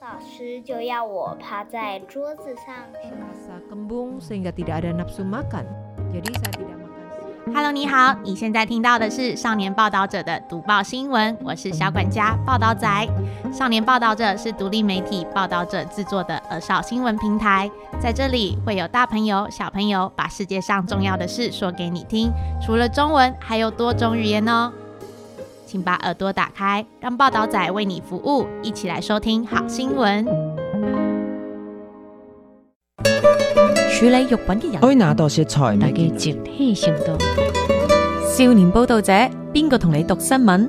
老師就要我趴在桌子上寫。因 Hello，你好，你現在聽到的是少年報道者的讀報新聞。我是小管家 報道仔。少年報道者是獨立媒體報道者製作的兒少新聞平台，在這裏會有大朋友、小朋友把世界上重要的事說給你聽，除了中文，還有多種語言哦。請把耳朵打開，讓報導仔為你服務，一起來收聽好新聞。 處理肉品嘅人開哪道食材？但係佢朝上到。少年報導者，邊個同你讀新聞？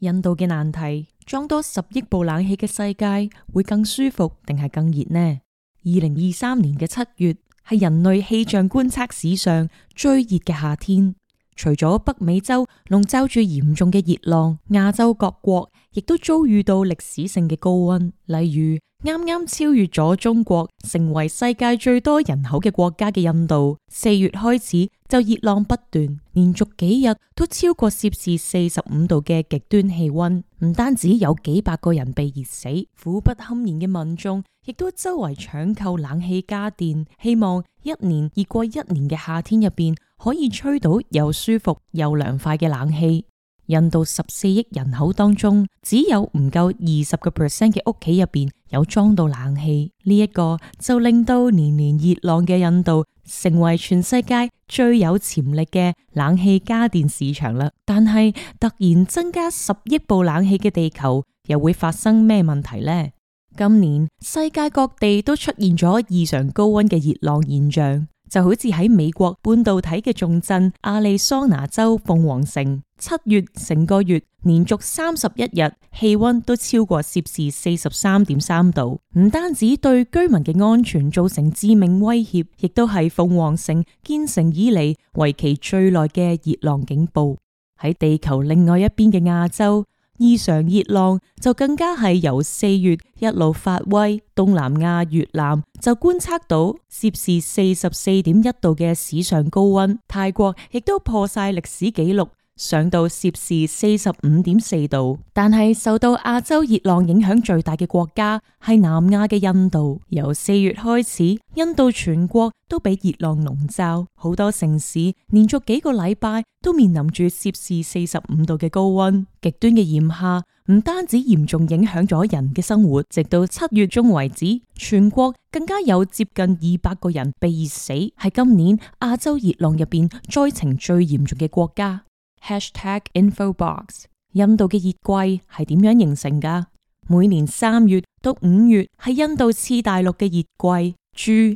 印度嘅難題：裝多十億部冷氣嘅世界會更舒服定係更熱呢？二零二三年嘅七月。係人類氣象觀測史上最熱嘅夏天，除咗北美洲籠罩住嚴重嘅熱浪，亞洲各國亦都遭遇到歷史性嘅高溫。例如，啱啱超越咗中國成為世界最多人口嘅國家嘅印度，四月開始就熱浪不斷，連續幾日都超過攝氏四十五度嘅極端氣溫。唔單止有幾百個人被熱死，苦不堪言嘅民眾，亦都周圍搶購冷氣家電，希望一年熱過一年嘅夏天入邊可以吹到又舒服又涼快嘅冷氣。印度十四億人口當中，只有唔夠二十個 percent 嘅屋企入邊有裝到冷氣，呢、這、一個就令到年年熱浪嘅印度成為全世界最有潛力嘅冷氣家電市場啦。但係突然增加十億部冷氣嘅地球，又會發生咩問題呢？今年世界各地都出現咗異常高温嘅熱浪現象，就好似喺美國半導體嘅重鎮亞利桑那州鳳凰城，七月成個月連續三十一日氣温都超過攝氏四十三點三度，唔單止對居民嘅安全造成致命威脅，亦都係鳳凰城建成以嚟為期最耐嘅熱浪警報。喺地球另外一邊嘅亞洲，異常熱浪就更加係由四月一路發威，東南亞越南就觀測到攝氏四十四點一度嘅史上高溫，泰國亦都破晒歷史紀錄。上到攝氏四十五點四度，但係受到亞洲熱浪影響最大嘅國家係南亞嘅印度。由四月開始，印度全國都被熱浪籠罩，好多城市連續幾個禮拜都面臨住攝氏四十五度嘅高溫，極端嘅炎夏唔單止嚴重影響咗人嘅生活，直到七月中為止，全國更加有接近二百個人被熱死，係今年亞洲熱浪入面災情最嚴重嘅國家。hashtag #infobox 印度嘅熱季係點樣形成㗎？每年三月到五月係印度次大陸嘅熱季。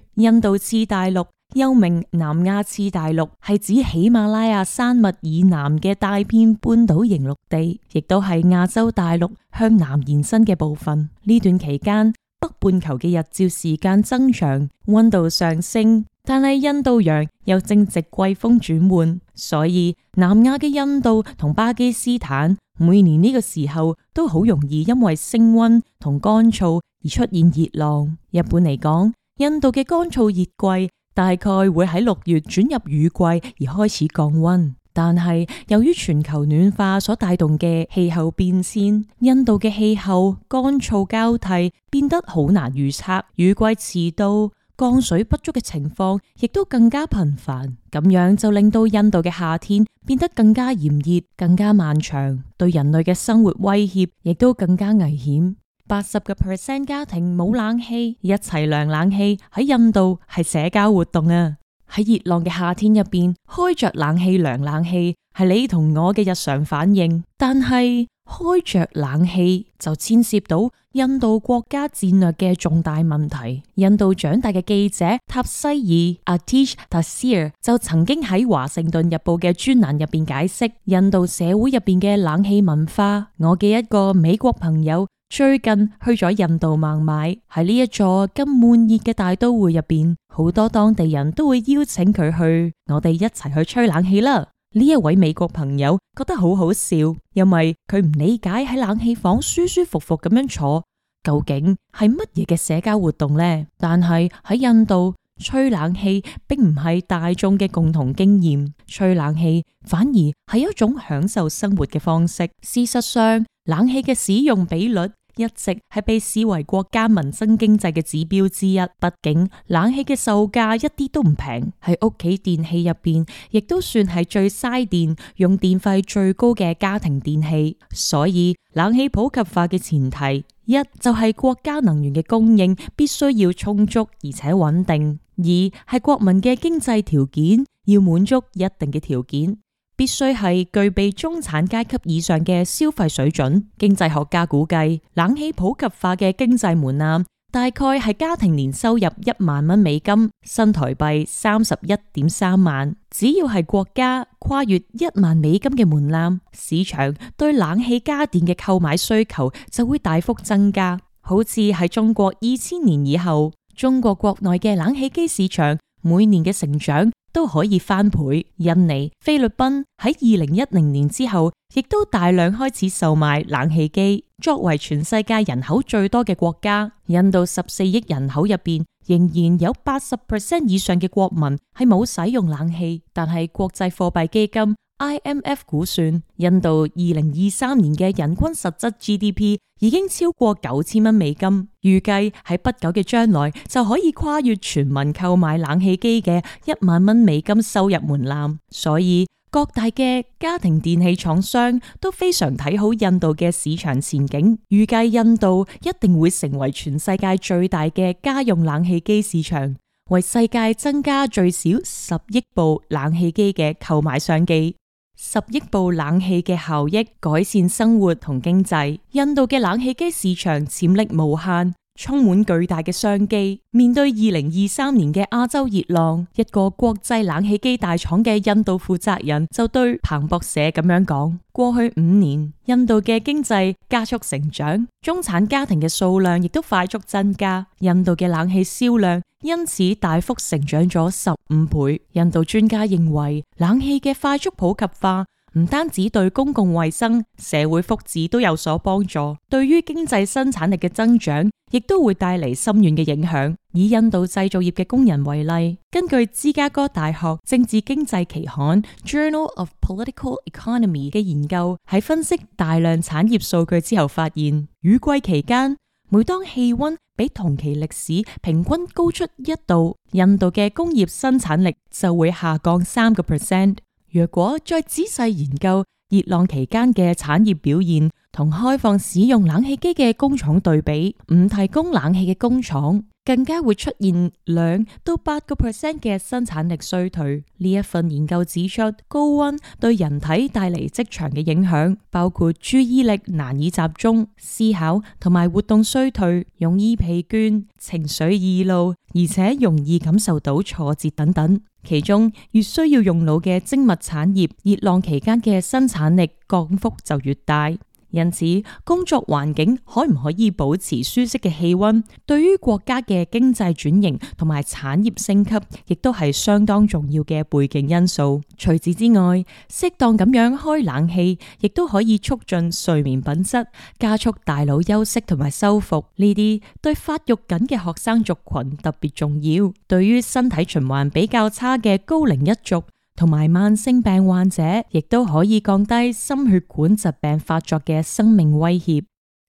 注：印度次大陸又名南亞次大陸，係指喜馬拉雅山脈以南嘅大片半島型陸地，亦都係亞洲大陸向南延伸嘅部分。呢段期間，北半球嘅日照時間增長，温度上升，但係印度洋又正值季風轉換，所以南亞嘅印度同巴基斯坦每年呢個時候都好容易因為升温同乾燥而出現熱浪。一般嚟講，印度嘅乾燥熱季大概會喺六月轉入雨季而開始降温。但係由於全球暖化所帶動嘅氣候變遷，印度嘅氣候乾燥交替變得好難預測，雨季遲到、降水不足嘅情況亦都更加頻繁，咁樣就令到印度嘅夏天變得更加炎熱、更加漫長，對人類嘅生活威脅亦都更加危險。八十個 percent 家庭冇冷氣，一齊涼冷氣喺印度係社交活動啊！喺熱浪嘅夏天入面，開着冷氣涼冷氣係你同我嘅日常反應，但係開着冷氣就牽涉到印度國家戰略嘅重大問題。印度長大嘅記者塔西爾阿提什塔西爾就曾經喺華盛頓日報嘅專欄入邊解釋印度社會入邊嘅冷氣文化。我嘅一個美國朋友。最近去咗印度孟買，喺呢一座咁悶熱嘅大都會入邊，好多當地人都會邀請佢去。我哋一齊去吹冷氣啦！呢一位美國朋友覺得好好笑，因為佢唔理解喺冷氣房舒舒服服咁樣坐，究竟係乜嘢嘅社交活動呢？但係喺印度，吹冷氣並唔係大眾嘅共同經驗，吹冷氣反而係一種享受生活嘅方式。事實上，冷氣嘅使用比率。一直係被視為國家民生經濟嘅指標之一，畢竟冷氣嘅售價一啲都唔平，喺屋企電器入邊亦都算係最嘥電、用電費最高嘅家庭電器。所以，冷氣普及化嘅前提，一就係、是、國家能源嘅供應必須要充足而且穩定；二係國民嘅經濟條件要滿足一定嘅條件。必須係具備中產階級以上嘅消費水準。經濟學家估計，冷氣普及化嘅經濟門檻大概係家庭年收入一萬蚊美金，新台幣三十一點三萬。只要係國家跨越一萬美金嘅門檻，市場對冷氣家電嘅購買需求就會大幅增加。好似喺中國二千年以後，中國國內嘅冷氣機市場每年嘅成長。都可以翻倍。印尼、菲律賓喺二零一零年之後，亦都大量開始售賣冷氣機。作為全世界人口最多嘅國家，印度十四億人口入邊，仍然有八十 percent 以上嘅國民係冇使用冷氣，但係國際貨幣基金。IMF 估算，印度二零二三年嘅人均實質 GDP 已經超過九千蚊美金，預計喺不久嘅將來就可以跨越全民購買冷氣機嘅一萬蚊美金收入門檻。所以各大嘅家庭電器廠商都非常睇好印度嘅市場前景，預計印度一定會成為全世界最大嘅家用冷氣機市場，為世界增加最少十億部冷氣機嘅購買商機。十億部冷氣嘅效益，改善生活同經濟。印度嘅冷氣機市場潛力無限。充滿巨大嘅商機。面對二零二三年嘅亞洲熱浪，一個國際冷氣機大廠嘅印度負責人就對彭博社咁樣講：過去五年，印度嘅經濟加速成長，中產家庭嘅數量亦都快速增加，印度嘅冷氣銷量因此大幅成長咗十五倍。印度專家認為，冷氣嘅快速普及化，唔單止對公共衛生、社會福祉都有所幫助，對於經濟生產力嘅增長，亦都會帶嚟深遠嘅影響。以印度製造業嘅工人為例，根據芝加哥大學政治經濟期刊《Journal of Political Economy》嘅研究，喺分析大量產業數據之後，發現雨季期間，每當氣温比同期歷史平均高出一度，印度嘅工業生產力就會下降三個 percent。若果再仔細研究熱浪期間嘅產業表現同開放使用冷氣機嘅工廠對比，唔提供冷氣嘅工廠更加會出現兩到八個 percent 嘅生產力衰退。呢一份研究指出，高溫對人體帶嚟職場嘅影響，包括注意力難以集中、思考同埋活動衰退、容易疲倦、情緒易怒，而且容易感受到挫折等等。其中越需要用腦嘅精密產業，熱浪期間嘅生產力降幅就越大。因此，工作環境可唔可以保持舒適嘅氣溫，對於國家嘅經濟轉型同埋產業升級，亦都係相當重要嘅背景因素。除此之外，適當咁樣開冷氣，亦都可以促進睡眠品質，加速大腦休息同埋修復。呢啲對發育緊嘅學生族群特別重要。對於身體循環比較差嘅高齡一族，同埋慢性病患者，亦都可以降低心血管疾病發作嘅生命威脅。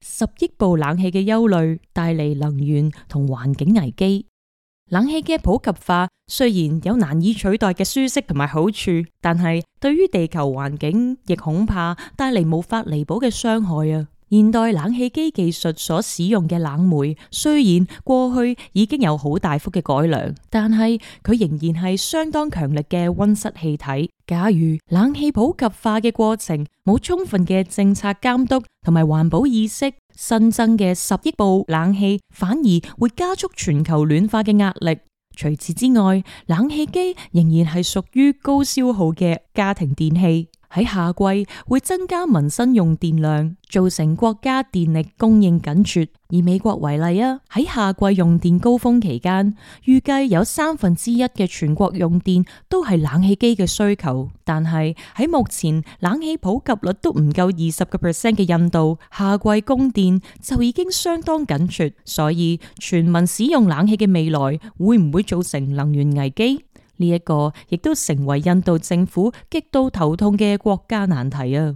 十億部冷氣嘅憂慮，帶嚟能源同環境危機。冷氣嘅普及化雖然有難以取代嘅舒適同埋好處，但係對於地球環境亦恐怕帶嚟無法彌補嘅傷害啊！現代冷氣機技術所使用嘅冷媒，雖然過去已經有好大幅嘅改良，但係佢仍然係相當強力嘅溫室氣體。假如冷氣普及化嘅過程冇充分嘅政策監督同埋環保意識，新增嘅十億部冷氣反而會加速全球暖化嘅壓力。除此之外，冷氣機仍然係屬於高消耗嘅家庭電器。喺夏季會增加民生用電量，造成國家電力供應緊缺。以美國為例啊，喺夏季用電高峰期間，預計有三分之一嘅全國用電都係冷氣機嘅需求。但係喺目前，冷氣普及率都唔夠二十個 percent 嘅印度，夏季供電就已經相當緊缺。所以，全民使用冷氣嘅未來會唔會造成能源危機？呢一個亦都成為印度政府極度頭痛嘅國家難題啊！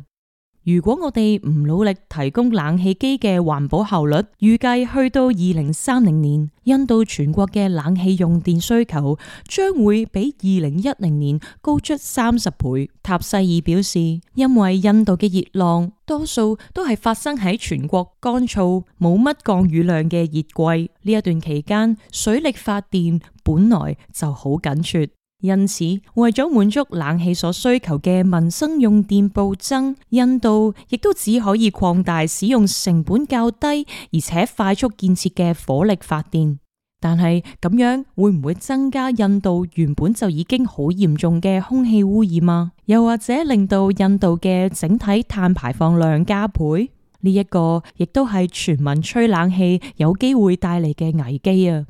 如果我哋唔努力提供冷氣機嘅環保效率，預計去到二零三零年，印度全國嘅冷氣用電需求將會比二零一零年高出三十倍。塔西爾表示，因為印度嘅熱浪多數都係發生喺全國乾燥冇乜降雨量嘅熱季，呢一段期間，水力發電本來就好緊缺。因此，為咗滿足冷氣所需求嘅民生用電暴增，印度亦都只可以擴大使用成本較低而且快速建設嘅火力發電。但係咁樣會唔會增加印度原本就已經好嚴重嘅空氣污染啊？又或者令到印度嘅整體碳排放量加倍？呢一個亦都係全民吹冷氣有機會帶嚟嘅危機啊！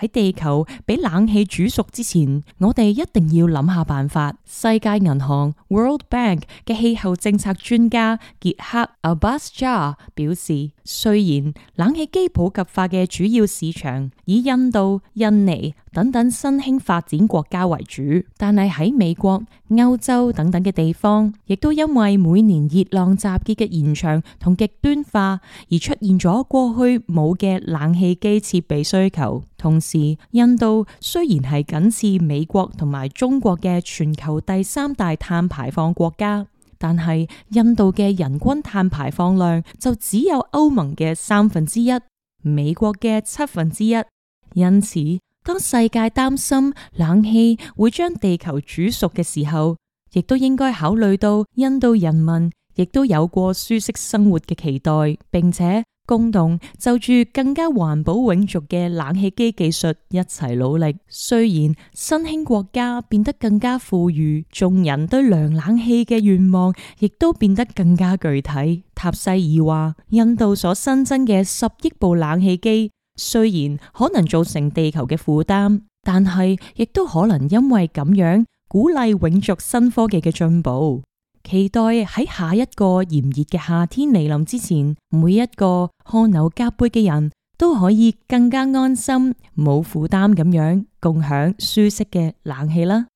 喺地球俾冷氣煮熟之前，我哋一定要諗下辦法。世界銀行 （World Bank） 嘅氣候政策專家傑克阿巴斯賈表示，雖然冷氣機普及化嘅主要市場以印度、印尼。等等新興發展國家為主，但係喺美國、歐洲等等嘅地方，亦都因為每年熱浪集結嘅延長同極端化，而出現咗過去冇嘅冷氣機設備需求。同時，印度雖然係僅次美國同埋中國嘅全球第三大碳排放國家，但係印度嘅人均碳排放量就只有歐盟嘅三分之一、美國嘅七分之一，因此。當世界擔心冷氣會將地球煮熟嘅時候，亦都應該考慮到印度人民亦都有過舒適生活嘅期待，並且共同就住更加環保永續嘅冷氣機技術一齊努力。雖然新興國家變得更加富裕，眾人對涼冷氣嘅願望亦都變得更加具體。塔西爾話：印度所新增嘅十億部冷氣機。雖然可能造成地球嘅負擔，但係亦都可能因為咁樣鼓勵永續新科技嘅進步。期待喺下一個炎熱嘅夏天嚟臨之前，每一個汗流浹背嘅人都可以更加安心，冇負擔咁樣共享舒適嘅冷氣啦。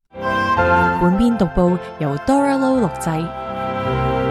本篇讀報由 Dora Low 錄製。